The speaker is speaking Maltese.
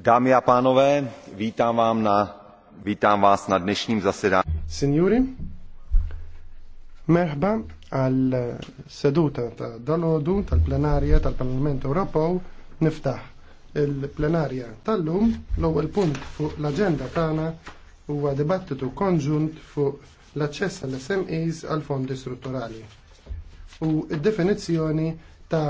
Dámy a pánové, vítám, vám na, vítám vás na dnešním zasedání. Signori, merħba al seduta ta' dalodu tal-plenarja tal-Parlament Ewropew niftaħ il-plenarja tal-lum l-ewwel punt fuq l-aġenda tagħna huwa dibattitu konġunt fuq l-aċċess għall smes għal fondi strutturali u d-definizzjoni ta'